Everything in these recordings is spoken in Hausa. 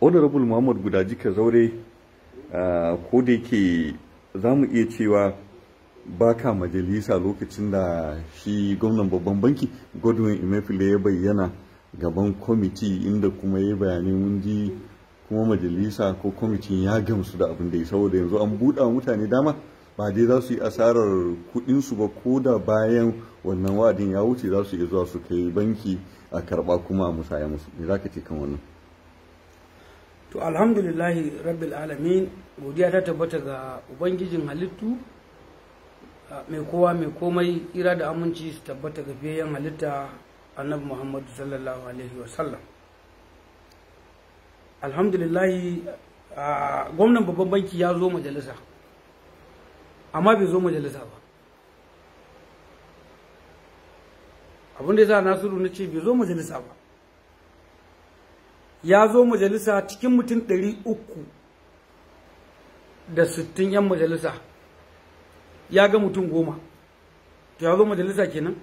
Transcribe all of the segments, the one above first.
honorable muhammad guda jika zaure ko da yake za mu iya cewa baka majalisa lokacin da shi gwamnan babban banki godwin emefiele ya bayyana gaban kwamiti inda kuma ya bayani mun ji kuma majalisa ko kwamitin ya gamsu da abin da ya saboda yanzu an buɗa mutane dama ba dai za su yi asarar kuɗinsu ba ko da bayan wannan wa'adin ya wuce za su iya zuwa su kai banki a karɓa kuma musaya musu me za ka ce kan wannan to alhamdulillahi rabbil alamin godiya ta tabbata ga ubangijin halittu mai kowa mai komai ira da aminci su tabbata ga biyayen halitta annabi muhammadu sallallahu alaihi wasallam alhamdulillahi gwamnan babban banki ya zo majalisa amma bai zo majalisa ba abin da ya sa nasiru na ce bai zo majalisa ba ya zo majalisa cikin mutum ɗari uku da sittin 'yan majalisa ya ga mutum goma to ya zo majalisa kenan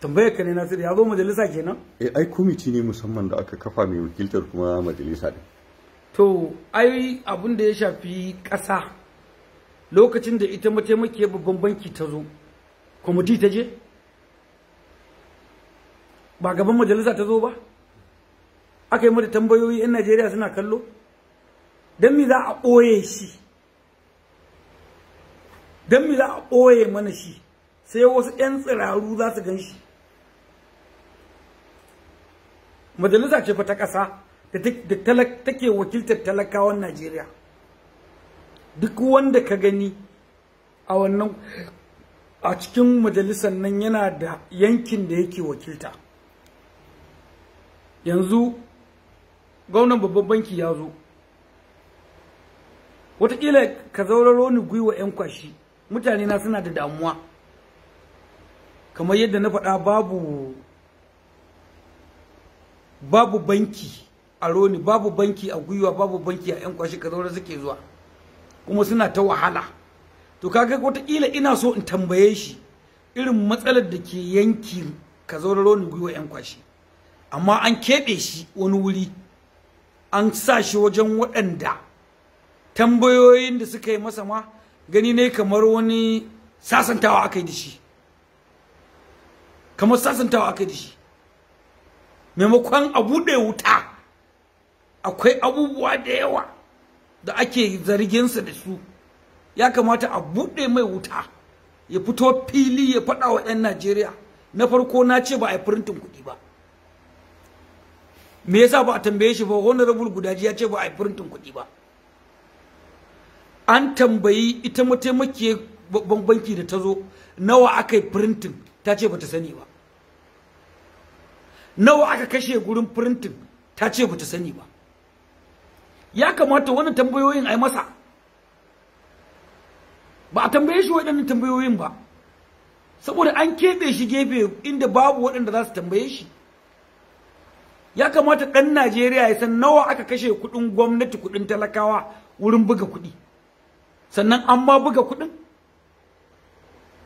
tambayar ka ne nasiru ya zo majalisa kenan eh ai komiti ne musamman da aka kafa mai wakiltar kuma majalisa ne to ai abin da ya shafi ƙasa lokacin da ita mataimakiyar babban banki ta zo kwamiti ta je ba gaban majalisa ta zo ba aka yi mata tambayoyi 'yan najeriya suna kallo don mi za a ɓoye shi don mi za a ɓoye mana shi sai wasu 'yan tsiraru za su gan shi majalisa ce fa ta ƙasa da take wakiltar talakawan najeriya duk wanda ka gani a wannan a cikin majalisar nan yana da yankin da yake wakilta yanzu gwamnan babban banki ya zo wataƙila ka zauraro ni gwiwa 'yan kwashi mutane na suna da damuwa kamar yadda na faɗa babu babu banki a roni babu banki a gwiwa babu banki a 'yan kwashi ka zauraro suke zuwa kuma suna ta wahala to kaga wataƙila ina so in tambaye shi irin matsalar da ke yanki ka zauraro ni gwiwa 'yan kwashi amma an keɓe shi wani wuri an sa shi wajen waɗanda tambayoyin da suka yi masa ma gani ne kamar wani sasantawa aka yi da shi kamar sasantawa aka yi da shi maimakon a buɗe wuta akwai abubuwa da yawa da ake zarginsa da su ya kamata a buɗe mai wuta ya fito fili ya faɗa wa 'yan najeriya na farko na ce ba a yi firintin kuɗi ba me yasa ba a tambaye shi ba honorable gudaji ya ce ba a yi printin kuɗi ba an tambayi ita mataimakiyar banki da ta zo nawa aka yi printin ta ce ba ta sani ba nawa aka kashe gurin printin ta ce ba ta sani ba ya kamata wani tambayoyin a yi masa ba a tambaye shi waɗannan tambayoyin ba saboda an keɓe shi gefe inda babu waɗanda za su tambaye shi ya kamata ɗan Najeriya ya san nawa aka kashe kuɗin gwamnati kuɗin talakawa wurin buga kuɗi sannan an ma buga kuɗin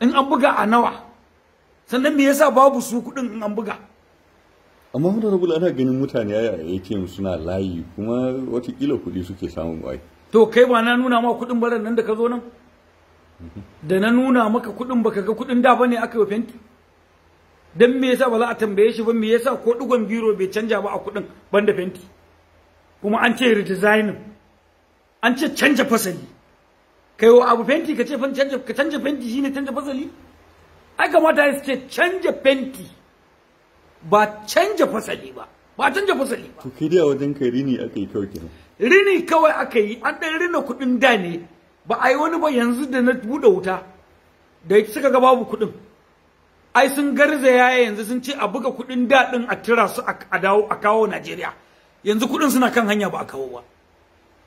in an buga a nawa sannan me yasa babu su kuɗin in an buga amma honorable ana ganin mutane yaya yake suna layi kuma kila kudi suke samun wai to kai ba na nuna ma kuɗin baran nan da ka zo nan da na nuna maka kuɗin baka ga kuɗin da bane aka yi fenti dan me yasa ba za a tambaye shi ba me yasa ko dugon biro bai canja ba a kudin banda fenti kuma an ce redesigning an ce canja fasali kai wa abu fenti ka ce canja ka canja fenti shine canja fasali ai kamata su ce canja fenti ba canja fasali ba ba canja fasali ba to kai dai a wajen kai rini aka yi kawai kenan rini kawai aka yi an dan rina kudin da ne ba a yi wani ba yanzu da na buɗe wuta da suka ga babu kudin ai sun garza garzaya yanzu sun ce a buga kuɗin daɗin a tira su a dawo a kawo Najeriya yanzu kuɗin suna kan hanya ba a kawo ba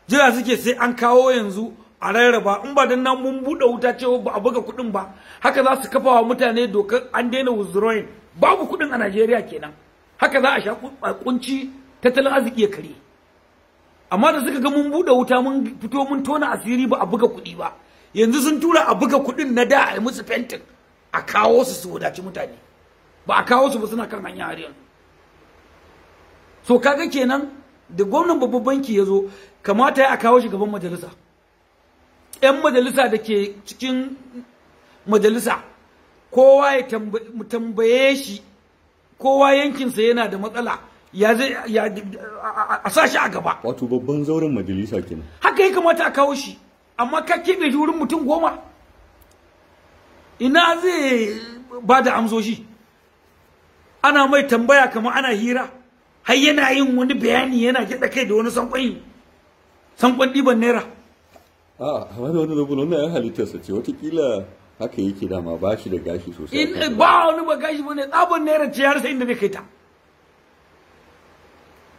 jira suke sai an kawo yanzu a rarraba in ba dan nan mun buɗe wuta ce ba a buga kuɗin ba haka za su kafa wa mutane dokar an daina withdrawing babu kuɗin a Najeriya kenan haka za a sha kunci tattalin arziki ya kare amma da suka ga mun buɗe wuta mun fito mun tona asiri ba a buga kuɗi ba yanzu sun tura a buga kuɗin na da a musu fentin a kawo su su wadaci mutane ba a kawo su ba suna kan hanya har yanzu so kaga kenan da gwamnan babban banki ya zo kamata ya a kawo shi gaban majalisa 'yan majalisa da ke cikin majalisa kowa ya tambaye shi kowa yankinsa yana da matsala ya zai a sa shi a gaba wato babban zauren majalisa kenan haka ya kamata a kawo shi amma ka keɓe shi wurin mutum goma ina zai ba da amsoshi ana mai tambaya kamar ana hira har yana yin wani bayani yana gida kai da wani sankwai sankwan ɗiban naira a wani wani rubun wannan ya halittarsa ce watakila haka yake dama ba shi da gashi sosai ba wani ba gashi ba ne tsabon naira ce har sai inda zai kai ta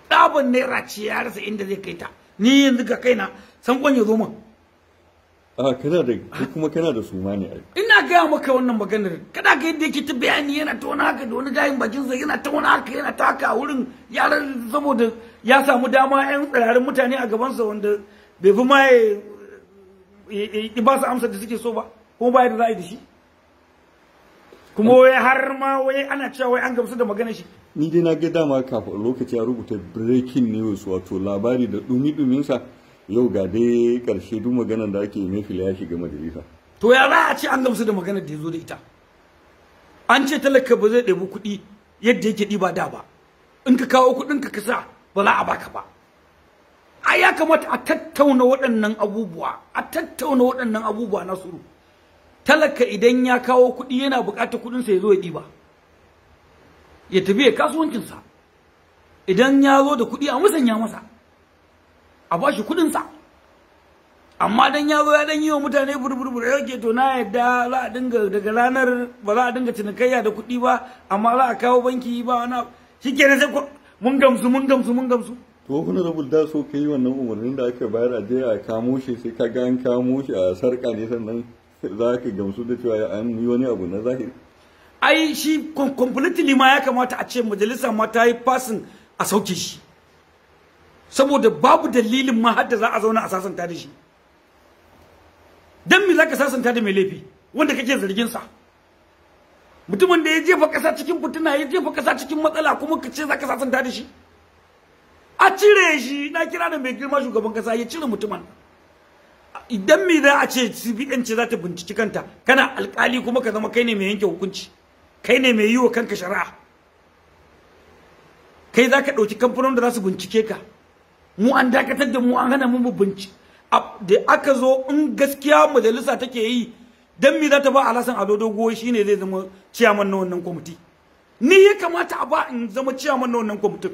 tsabon naira ce har sai inda zai kai ta ni yanzu ga kaina sankwan ya zo min Ah, kana da kuma kana da suma ne ai ina ga maka wannan maganar kada ga yadda yake ta bayani yana ta wani haka da wani gayin bakin sa yana ta wani haka yana ta haka a wurin yaran saboda ya samu dama yan tsirarin mutane a gaban sa wanda bai fi ma ya ba su amsar da suke so ba kuma ba yadda za a yi da shi kuma wai har ma wai ana cewa wai an gamsu da maganar shi ni dai na ga dama kafin lokaci ya rubuta breaking news wato labari da dumi-duminsa yau ga dai karshe duk maganar da ake mai ya shiga majalisa to ya za a ce an gamsu da maganar da ya zo da ita an ce talaka ba zai ɗebi kuɗi yadda yake ɗiba da ba in ka kawo kuɗin ka kasa ba za a baka ba a ya kamata a tattauna waɗannan abubuwa a tattauna waɗannan abubuwa na suru talaka idan ya kawo kuɗi yana buƙatar kuɗinsa ya zo ya ɗiba ya tafi ya kasuwancinsa idan ya zo da kuɗi a musanya masa a ba shi kuɗinsa amma dan ya zo ya dan yi wa mutane burburbur ya ke to na yadda za a dinga daga ranar ba za a dinga cinikayya da kuɗi ba amma za a kawo banki ba wani shi kenan sai mun gamsu mun gamsu mun gamsu to kuna da bulda so yi wannan umarnin da aka bayar a je a kamo shi sai ka ga an kamo shi a sarka ne sannan za ka gamsu da cewa an yi wani abu na zahiri ai shi completely ma ya kamata a ce majalisa ma ta yi fasin a sauke shi saboda babu dalilin ma har da za a zauna a sasanta da shi dan me zaka sasanta da mai laifi wanda kake zargin sa mutumin da ya jefa kasa cikin fituna ya jefa kasa cikin matsala kuma ka ce zaka sasanta da shi a cire shi na kira da mai girma shugaban kasa ya cire mutumin idan me za a ce CBN ce za ta binciki kanta kana alkali kuma ka zama kai ne mai yanke hukunci kai ne mai yi wa kanka shari'a kai za ka ɗauki kamfanon da za su bincike ka mu an dakatar da mu an hana mu binci da aka zo in gaskiya majalisa take yi dan me za ta ba alasan Ado Dogo shine zai zama ciyaman na wannan committee ni ya kamata a ba in zama ciyaman na wannan committee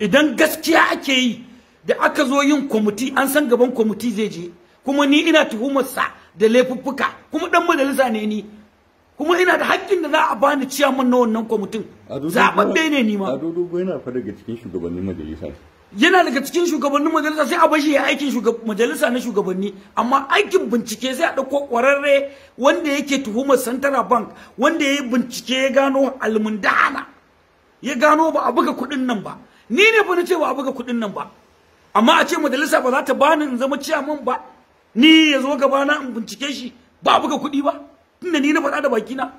idan gaskiya ake yi da aka zo yin committee an san gaban committee zai je kuma ni ina sa da laifuffuka kuma dan majalisa ne ni kuma ina da haƙƙin da za a bani ciyaman na wannan kwamitin zaɓaɓɓe ne ni ma. Adodo yana fada ga cikin shugabannin majalisa. yana daga cikin shugabannin majalisa sai a bashi ya aikin majalisa na shugabanni amma aikin bincike sai a ɗauko ƙwararre wanda yake tuhumar central bank wanda ya yi bincike ya gano almundana ya gano ba a buga kuɗin nan ba ni ne fa na ce ba a buga kuɗin nan ba amma a ce majalisa ba za ta bani in zama ciyaman ba ni ya zo gabana in bincike shi ba a buga kuɗi ba tunda ni na faɗa da bakina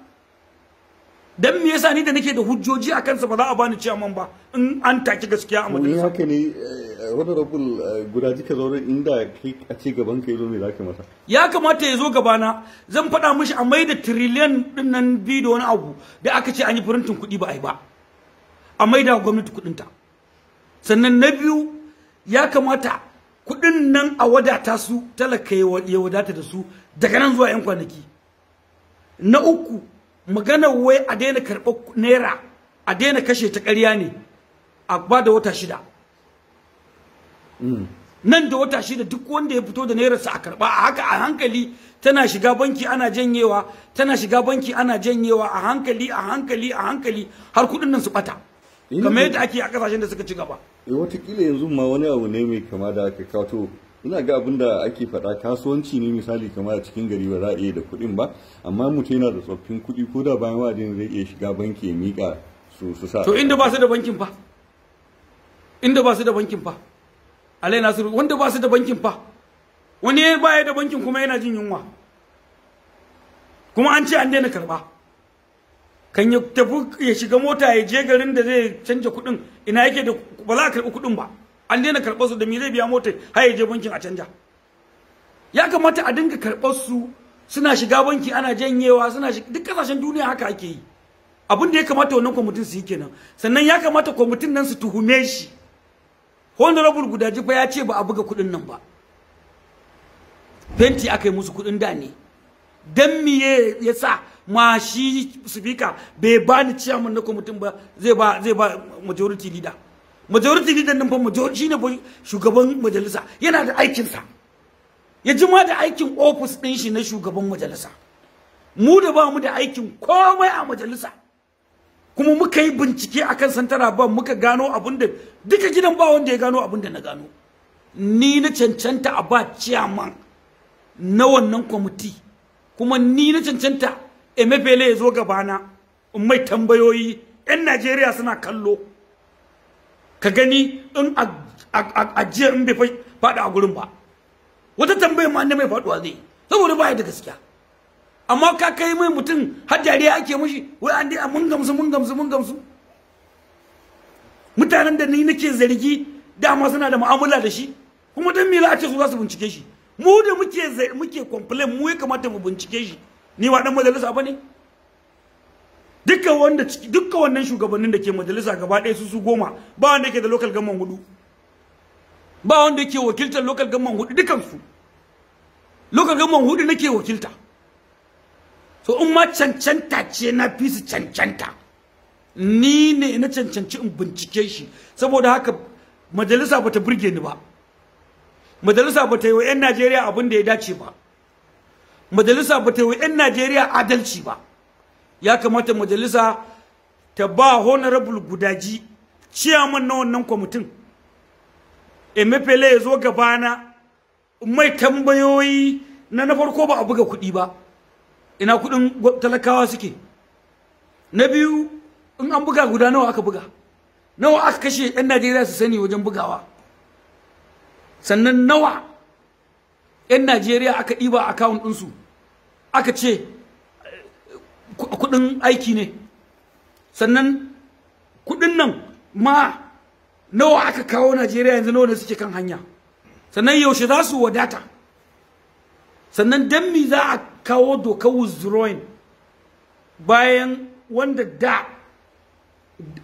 dan me yasa ni da nake da hujjoji a kansa ba za a bani ciyaman ba in an taki gaskiya a majalisa haka ne eh, honorable eh, guda jika ran inda kai a ci gaban ka yazo me zaka masa ya kamata ya zo na zan fada mishi a maida trillion din nan bi da wani abu da aka ce an yi printing kuɗi ba ai ba a maida gwamnati kuɗin ta sannan na biyu ya kamata kuɗin nan a wadata su talaka ya wadata da su daga nan zuwa 'yan kwanaki na uku maganar wai a daina karɓar naira a daina kashe ta ƙarya ne a ba da wata shida mm. nan da wata shida duk wanda ya fito da nairarsa a karɓa a haka a hankali tana shiga banki ana janyewa tana shiga banki ana janyewa a hankali a hankali a hankali har kuɗin nan su ɓata kamar yadda ake a ƙasashen da suka ci gaba. Eh, wataƙila yanzu ma wani abu ne mai kama da aka kawo ina ga abin da ake faɗa kasuwanci ne misali kamar a cikin gari ba za a iya da kuɗin ba amma mutum yana da tsoffin kuɗi ko da bayan wa'adin zai iya shiga banki ya miƙa su su sa to inda ba su da bankin fa inda ba su da bankin fa alai nasiru wanda ba su da bankin fa wani ba ya da bankin kuma yana jin yunwa kuma an ce an daina karɓa kan ya tafi ya shiga mota ya je garin da zai canja kuɗin ina yake da ba za a karɓi kuɗin ba an daina karɓar su da me zai biya mota har ya je bankin a canja ya kamata a dinga karɓar su suna shiga banki ana janyewa suna duk kasashen duniya haka ake yi abin da ya kamata wannan kwamitin su yi kenan sannan ya kamata kwamitin nan su tuhume shi honorable gudaji fa ya ce ba a buga kuɗin nan ba fenti aka yi musu kuɗin da ne dan miye yasa sa ma shi speaker bai bani chairman na kwamitin ba zai ba zai ba majority leader majority leader din fa majority shine shugaban majalisa yana da aikin sa ya jima da aikin office din shi na shugaban majalisa mu da ba mu da aikin komai a majalisa kuma muka yi bincike akan santara ba muka gano abin duka gidan ba wanda ya gano abin na gano ni na cancanta a ba chairman na wannan kwamiti kuma ni na cancanta emebele ya zo gabana na mai tambayoyi 'yan Najeriya suna kallo ka gani in ajiya in bai faɗi a gurin ba wata tambayar ma mai faɗuwa zai saboda baya da gaskiya amma ka kai mai mutum har dariya ake mushi wai an dai mun gamsu mun gamsu mun gamsu mutanen da ni nake zargi dama suna da mu'amala da shi kuma dan mila a ce su za su bincike shi mu da muke muke complain mu ya kamata mu bincike shi ni ba dan majalisa ne. Dukkan wanda duka wannan shugabannin da ke majalisa gaba ɗaya su su goma ba wanda yake da local government hudu ba wanda yake wakiltar local government hudu dukkan su local government hudu nake wakilta So in ma cancanta ce na fi su cancanta ni ne na cancanci in bincike shi saboda haka majalisa bata burge ni ba majalisa bata yi wa 'yan Najeriya abin da ya dace ba majalisa bata yi wa 'yan Najeriya adalci ba ya kamata majalisa ta ba honorable gudaji ciyaman na wannan kwamitin emefele ya zo gabana mai tambayoyi na na farko ba a buga kuɗi ba ina kuɗin talakawa suke na biyu in an buga guda nawa aka buga nawa aka kashe 'yan najeriya su sani wajen bugawa sannan nawa 'yan najeriya aka ɗiba akawun ɗinsu aka ce kuɗin aiki ne sannan kuɗin nan ma nawa aka kawo Najeriya yanzu nawa ne suke kan hanya sannan yaushe za su wadata sannan dan me za a kawo dokar withdrawing bayan wanda da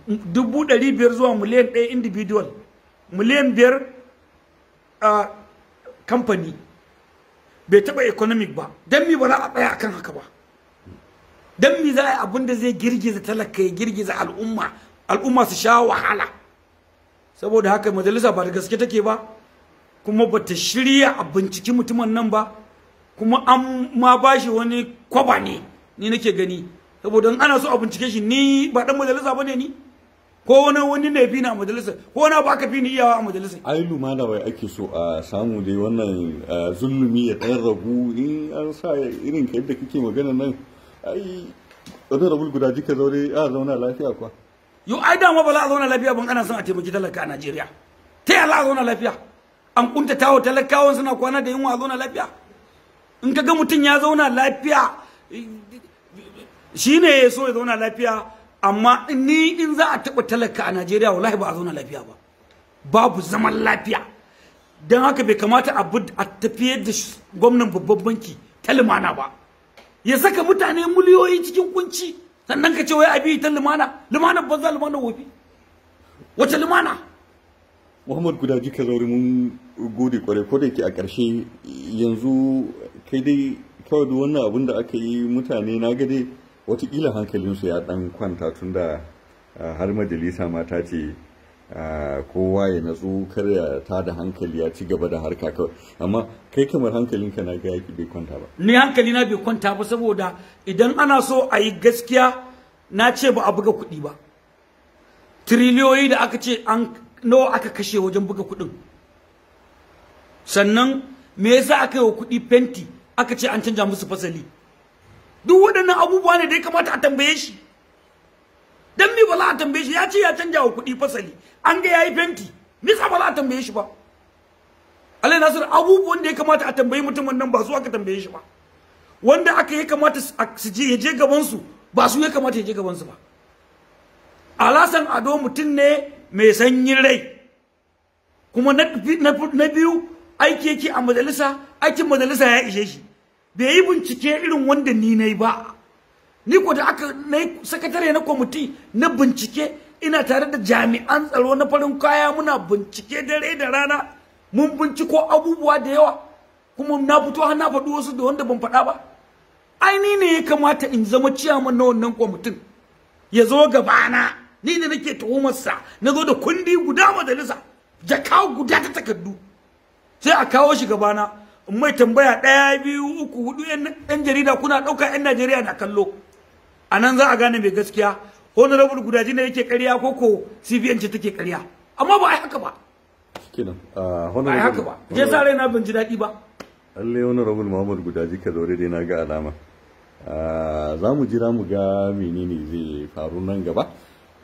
dubu ɗari biyar zuwa miliyan ɗaya individual miliyan biyar a kamfani bai taɓa economic ba don mi ba za a tsaya akan haka ba dan me za a yi abin da zai girgiza talaka ya girgiza al'umma al'umma su sha wahala saboda haka majalisa ba da gaske take ba kuma ba ta shirya a binciki mutumin nan ba kuma an ma ba shi wani kwaba ne ni nake gani saboda in ana so a bincike shi ni ba dan majalisa bane ni ko wani wani ne bi na majalisa ko wani ba ka fi ni iyawa a majalisa ai lumana wai ake so a samu dai wannan eh, zulumi ya dan ragu in an sa irin kai da kake magana nan ai honorable guda jika zaure a zauna lafiya kuwa yau ai dama ba za a zauna lafiya ban ana son a taimaki talaka a Najeriya ta yaya a zauna lafiya an kunta tawo talakawan suna kwana da yunwa a zauna lafiya in ka ga mutum ya zauna lafiya shine ya so ya zauna lafiya amma ni in za a taɓa talaka a Najeriya wallahi ba a zauna lafiya ba babu zaman lafiya don haka bai kamata a tafiyar da gwamnan babban banki ta ba ya saka mutane miliyoyi cikin kunci sannan ka ce wai abi ta lumana lumana banza lumana wofi wace lumana Muhammad guda ji ka zauri mun gode kwarai ko da ke a ƙarshe yanzu kai dai kawai da wannan abin da aka yi mutane na ga dai watakila hankalinsu ya dan kwanta tun tunda ah, har majalisa mata ce Ah, kowa ya natsu kar ya ta da hankali ya ci gaba da harka kawai amma kai kamar hankalinka na ga yaki bai kwanta ba ni hankali na bai kwanta ba saboda idan ana so a yi gaskiya na ce ba a buga kuɗi ba triliyoyi da aka ce an nawa aka kashe wajen buga kuɗin sannan me yasa aka yi wa kuɗi fenti aka ce an canja musu fasali duk waɗannan abubuwa ne da ya kamata a tambaye shi dan mi bala za a tambaye shi ya ce ya canja wa kuɗi fasali an ga yayi fenti mi sa ba za a tambaye shi ba Allah Nasir abubuwan da ya kamata a tambayi mutumin nan ba su aka tambaye shi ba wanda aka ya kamata su je ya je gaban su ba su ya kamata ya je gaban su ba Alasan Ado mutum ne mai sanyin rai kuma na biyu aiki yake a majalisa aikin majalisa ya ishe shi bai yi bincike irin wanda ni nayi ba ni ko da aka na sakatare na kwamiti na bincike ina tare da jami'an tsaro na farin kaya muna bincike dare da rana mun binciko abubuwa da yawa kuma na fito har na faɗi wasu da wanda ban faɗa ba ai ni ne ya kamata in zama ciyaman na wannan kwamitin ya zo gabana ni da nake tuhumarsa na zo da kundi guda majalisa jaka guda ta takardu sai a kawo shi gabana in mai tambaya ɗaya biyu uku hudu yan jarida kuna ɗauka yan najeriya na kallo a nan za a gane mai gaskiya honorable gudaji ne yake ƙarya ko ko cbn ce take ƙarya amma ba a haka ba kenan ah, honorable haka ba je sa na ban ji daɗi ba lalle honorable muhammad gudaji ka zaure dai na ga alama ah, za mu jira mu ga menene zai faru nan gaba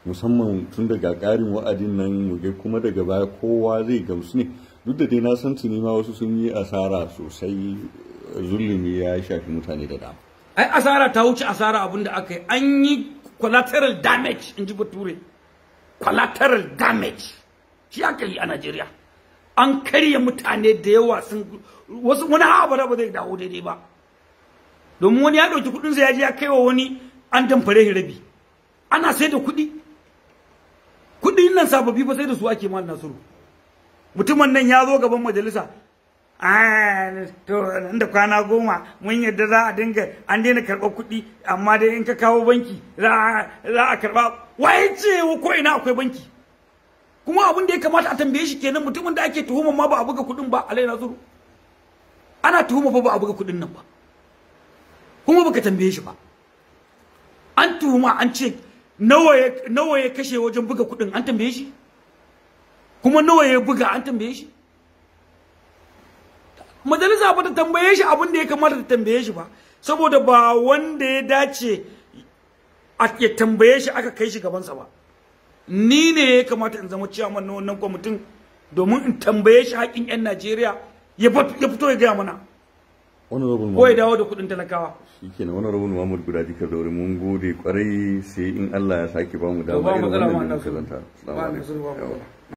musamman tun daga ƙarin wa'adin nan mu ga kuma daga baya kowa zai gamsu ne duk da dai na san tuni ma wasu sun yi asara sosai zulumi ya shafi mutane da dama ai asara ta wuce asara abin da aka yi an yi collateral damage in ji bature collateral damage shi aka yi a Najeriya an karya mutane da yawa sun wasu wani haɓara ba zai dawo daidai ba domin wani ya ɗauki kuɗin sa ya je ya kai wa wani an damfare shi rabi ana sai da kuɗi kuɗin nan sababbi ba sai da su ake ma Nasiru mutumin nan ya zo gaban majalisa Ah, to nan da kwana goma mun yadda za a dinga an daina karɓar kuɗi amma dai in ka kawo banki za a karɓa waye ce ko ina akwai banki kuma abin da ya kamata a tambaye shi kenan mutumin da ake tuhumar ma ba a buga kuɗin ba alai zuru ana tuhuma fa ba a buga kuɗin nan ba kuma baka tambaye shi ba an tuhuma an ce nawa ya kashe wajen buga kuɗin an tambaye shi kuma nawa ya buga an tambaye shi majalisa ba ta tambaye shi abin da ya kamata ta tambaye shi ba saboda ba wanda ya dace ya tambaye shi aka kai shi gabansa ba ni ne ya kamata in zama ciyaman na wannan kwamitin domin in tambaye shi hakkin 'yan Najeriya ya fito ya gaya mana ko ya dawo da kuɗin talakawa shikenan wani rabin Muhammad guda ka zaure mun gode kwarai sai in Allah ya sake ba mu dama irin wannan da assalamu alaikum